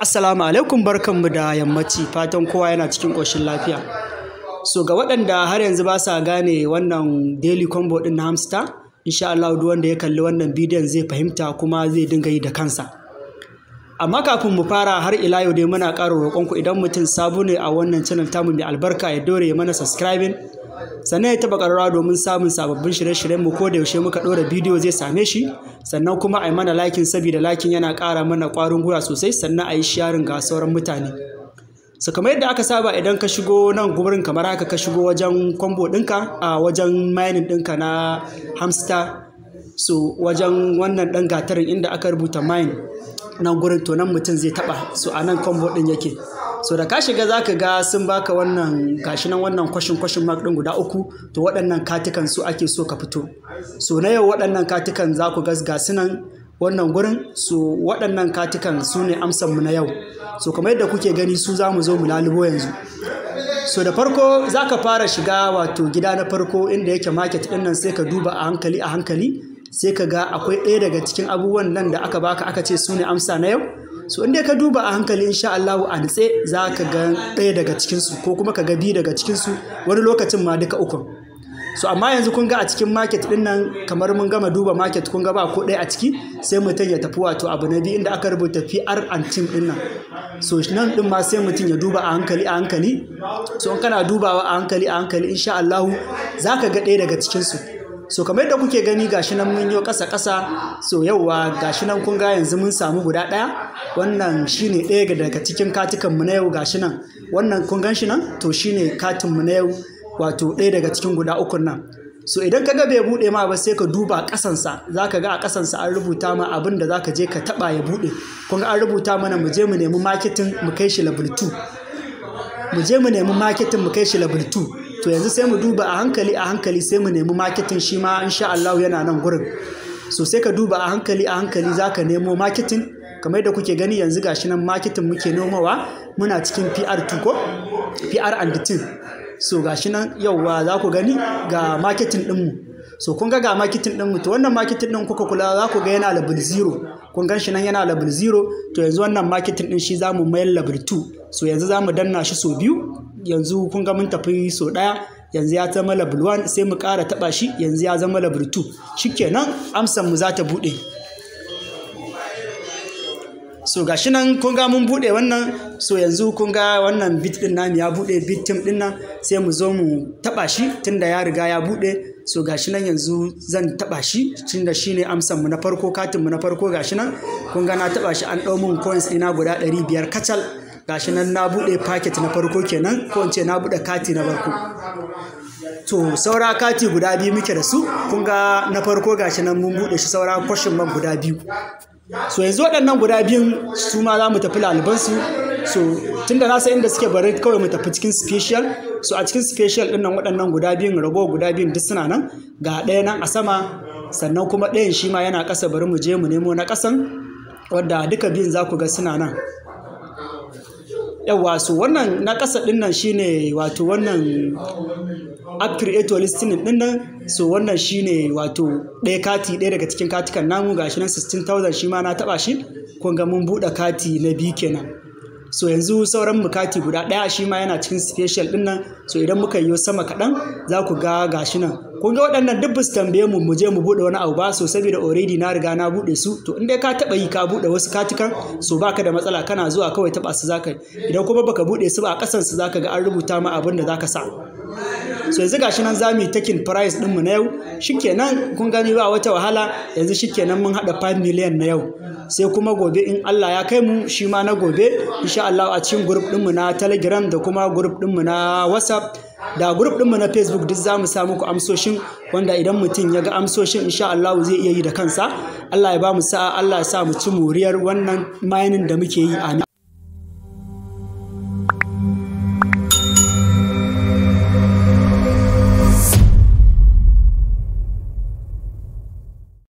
Assalamu alaikum barkanmu da yammaci fatan kowa yana cikin ƙoshin lafiya. So ga waɗanda har yanzu ba sa gane wannan daily combo ɗin na hamster, insha Allah duk wanda ya kalli wannan bidiyon zai fahimta kuma zai dinga yi da kansa. Amma kafin mu fara har ila yau dai muna ƙara roƙonku idan mutum sabo ne a wannan channel tamu mai albarka ya dore ya mana subscribing sannan ya taɓa ƙararrawa domin samun sababbin shirye-shiryen mu ko da yaushe muka ɗora bidiyo zai same shi sannan kuma a yi mana lakin saboda lakin yana ƙara mana ƙwarin gura sosai sannan a yi sharin ga sauran mutane su kamar yadda aka saba idan ka shigo nan gurin kamar haka ka shigo wajen kwambo ɗinka a wajen mining ɗinka na hamster so wajen wannan ɗan gatarin inda aka rubuta mine nan gurin to nan mutum zai taɓa so a nan kwambo ɗin yake so da ka shiga za ka ga sun baka wannan gashi nan wannan kwashin kwashin mark ɗin guda uku to waɗannan katikan su ake so ka fito so na yau waɗannan katikan za ku gasga su nan wannan gurin so waɗannan katikan su ne mu na yau so kamar yadda kuke gani su zamu zo mu lalubo yanzu so da farko za ka fara shiga wato gida na farko inda yake market ɗin nan sai ka duba a hankali a hankali sai ka ga akwai ɗaya daga cikin abubuwan nan da aka baka aka ce su ne amsa na yau so inda ka duba a hankali insha Allah a nitse za ka ga ɗaya daga cikinsu ko kuma ka ga biyu daga cikinsu wani lokacin ma duka ukun so amma yanzu kun ga a cikin market din nan kamar mun gama duba market kun ga ba ko ɗaya a ciki sai mutum ya tafi wato abu na biyu inda aka rubuta PR and team din nan so nan din ma sai mutum ya duba a hankali a hankali so in kana dubawa a hankali a hankali insha Allah ka ga ɗaya daga cikinsu. so kamar yadda kuke gani gashi nan mun yi kasa kasa so yauwa gashi nan kun ga yanzu mun samu guda daya wannan shine daya daga cikin katikan mu na yau gashi nan wannan kun gan shi nan to shine katin mu na yau wato ɗaya daga cikin guda ukun nan so idan ka ga bai buɗe ma ba sai ka duba kasan za ka ga a sa an rubuta ma abin da zaka je ka taba ya buɗe kun an rubuta mana mu je mu nemi marketing mu kai shi level 2 mu je mu nemi marketing mu kai shi level 2 to yanzu sai mu duba a hankali a hankali sai mu nemi marketing shi ma insha Allah yana nan gurin so sai ka duba a hankali a hankali zaka nemo marketing kamar da kuke gani yanzu gashi nan marketing muke nomawa muna cikin PR2 ko PR and team so gashi nan yauwa za ku gani ga marketing ɗinmu so kun ga ga marketing ɗinmu to wannan marketing ɗin kuka kula za ku ga yana level zero kun gan shi nan yana level zero to yanzu wannan marketing ɗin shi za mu mayar level two so yanzu za mu danna shi so biyu yanzu kun ga mun tafi so ɗaya yanzu ya zama level 1 sai mu ƙara taɓa shi yanzu ya zama level 2 shikenan amsan mu za ta buɗe so gashi nan kun ga mun buɗe wannan so yanzu kun ga wannan bit ɗin namu ya buɗe bit tim ɗin nan sai mu zo mu taɓa shi tunda ya riga ya buɗe so gashi nan yanzu zan taɓa shi tunda shine amsan mu na farko katin mu na farko gashi nan kun ga na taɓa shi an dau mun coins dina guda 500 kacal gashi nan na buɗe paket na farko kenan ko in na buɗe kati na farko to saura kati guda biyu muke da su kun ga na farko gashi nan mun buɗe shi saura kwashin man guda biyu so yanzu waɗannan guda biyun su ma za mu tafi lalibansu so tunda na san inda suke bari kawai mu tafi cikin special so a cikin special ɗin nan waɗannan guda biyun rago guda biyun duk suna nan ga ɗaya nan a sama sannan kuma ɗayan shi ma yana ƙasa bari mu je mu nemo na ƙasan wadda duka biyun za ku ga suna nan yawa su wannan na ƙasa ɗin nan shine wato wannan app creator listening ɗin nan so wannan shine wato ɗaya kati ɗaya daga cikin katikan namu gashi nan 16,000 shi ma na taɓa shi kun ga mun buɗe kati na biyu kenan so yanzu sauran bukati guda ɗaya shi ma yana cikin special din nan so idan muka yi sama kaɗan za ku ga gashi nan kun ga waɗannan duk su tambaye mu mu je mu buɗe wani abu ba so saboda already na riga na buɗe su to in dai ka taɓa yi ka buɗe wasu katikan so baka da matsala kana zuwa kawai taɓa su zaka yi idan kuma baka buɗe su ba a ƙasansu su zaka ga an rubuta ma abin da zaka sa so yanzu gashi nan za mu yi takin price ɗinmu na yau shikenan kun gani ba wata wahala yanzu shikenan mun haɗa 5 million na yau sai kuma gobe in Allah ya kai mu shi ma na gobe insha Allah a cikin group ɗinmu na telegram da kuma group ɗinmu na whatsapp da group ɗinmu na facebook duk za mu sa muku amsoshin wanda idan mutum ya ga amsoshin insha Allah zai iya yi da kansa Allah ya ba mu sa'a Allah ya sa mu ci muriyar wannan mining da muke yi amin